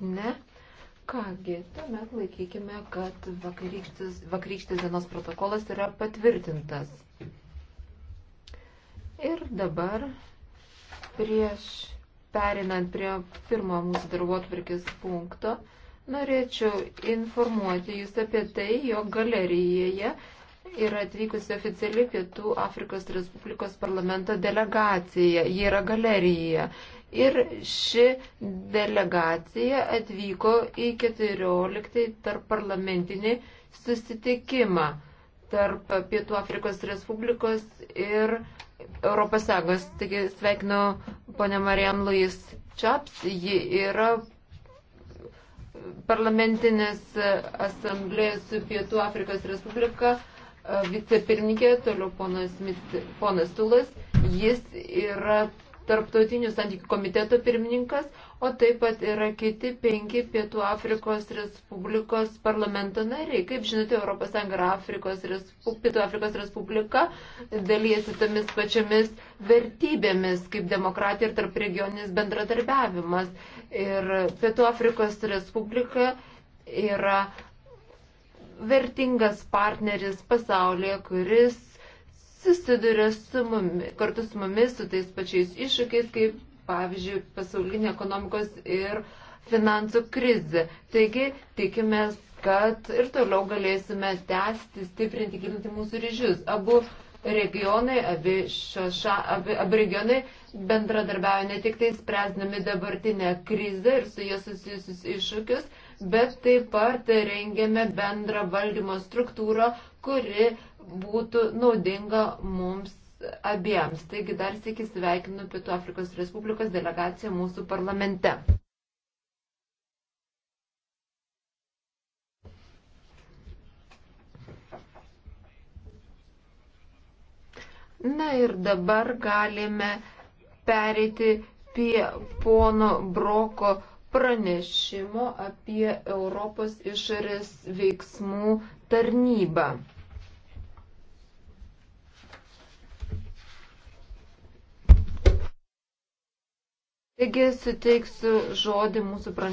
Ne? Kągi, tuomet laikykime, kad vakarykštis, vakarykštis dienos protokolas yra patvirtintas. Ir dabar, prieš perinant prie pirmo mūsų darbotvarkės punkto, norėčiau informuoti Jūs apie tai, jog galerijoje yra atvykusi oficiali Pietų Afrikos Respublikos parlamento delegacija. Ji yra galerijoje. Ir ši delegacija atvyko į 14 tarp parlamentinį susitikimą tarp Pietų Afrikos Respublikos ir Europos Sąjungos. Taigi sveikinu ponę Marijam Luis Čaps. Ji yra parlamentinės asamblėjos su Pietų Afrikos Respublika vicepirmininkė, toliau ponas, ponas Tulas, jis yra tarptautinių santykių komiteto pirmininkas, o taip pat yra kiti penki Pietų Afrikos Respublikos parlamento nariai. Kaip žinote, ES ir Afrikos Respu, Pietų Afrikos Respublika dalyjasi tomis pačiamis vertybėmis, kaip demokratija ir tarp regioninis bendradarbiavimas. Ir Pietų Afrikos Respublika yra vertingas partneris pasaulyje, kuris susiduria su mumis, kartu su mumis, su tais pačiais iššūkiais, kaip pavyzdžiui, pasaulinė ekonomikos ir finansų krizė. Taigi, tikimės, kad ir toliau galėsime tęsti, stiprinti, gilinti mūsų ryžius. Abu regionai, abi, šaša, abi, abi regionai bendradarbiavo ne tik tai spręsdami dabartinę krizę ir su jie susijusius iššūkius, bet taip pat rengėme bendrą valdymo struktūrą, kuri būtų naudinga mums abiems. Taigi dar sėki sveikinu Pietų Afrikos Respublikos delegaciją mūsų parlamente. Na ir dabar galime pereiti prie pono Broko pranešimo apie Europos išorės veiksmų tarnybą. Taigi suteiksiu žodį mūsų pranešimui.